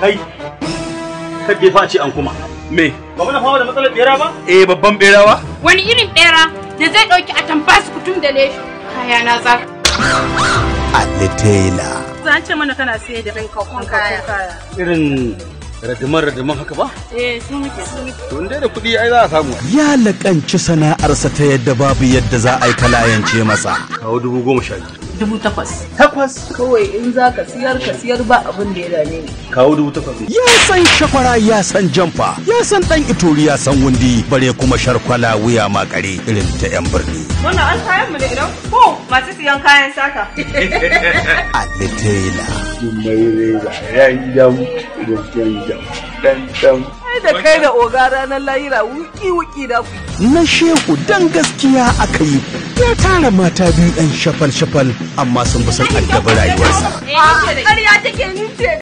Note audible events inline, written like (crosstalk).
kai kake fa ci an kuma me ba mu fama da matsalar bera ba eh babban bera ba wani irin bera da zai dauki a tamba su kutum da leshi kaya na za a detaila zan ce mana kana sai da ranka kun kaya irin radiman radiman haka ba eh su muke su muke to inda da kuɗi ai za a samu ya lakanci sana'arsa ta yadda babu yadda za a yi kalayance masa kawo dubu goma sha biyu dubu takwas. Takwas? Kawai in za ka siyar ka siyar ba abin da ya dame ni. Kawo dubu takwas. Ya san shakwara ya san jamfa ya san ɗan ituri ya san wundi bare kuma sharkwala wuya makare irin ta yan birni. Wannan an kayan mu ne idan ko masu siyan kayan saka. (laughs) A litela. Jummai reza ya yi jam da jan jam. Dan dan da kai da oga ranar layira wuki-wuki da ku. Na shehu dan gaskiya aka yi. Ya tara mata biyu ɗan shafal-shafal amma sun fi son addabar rayuwarsa. Eh,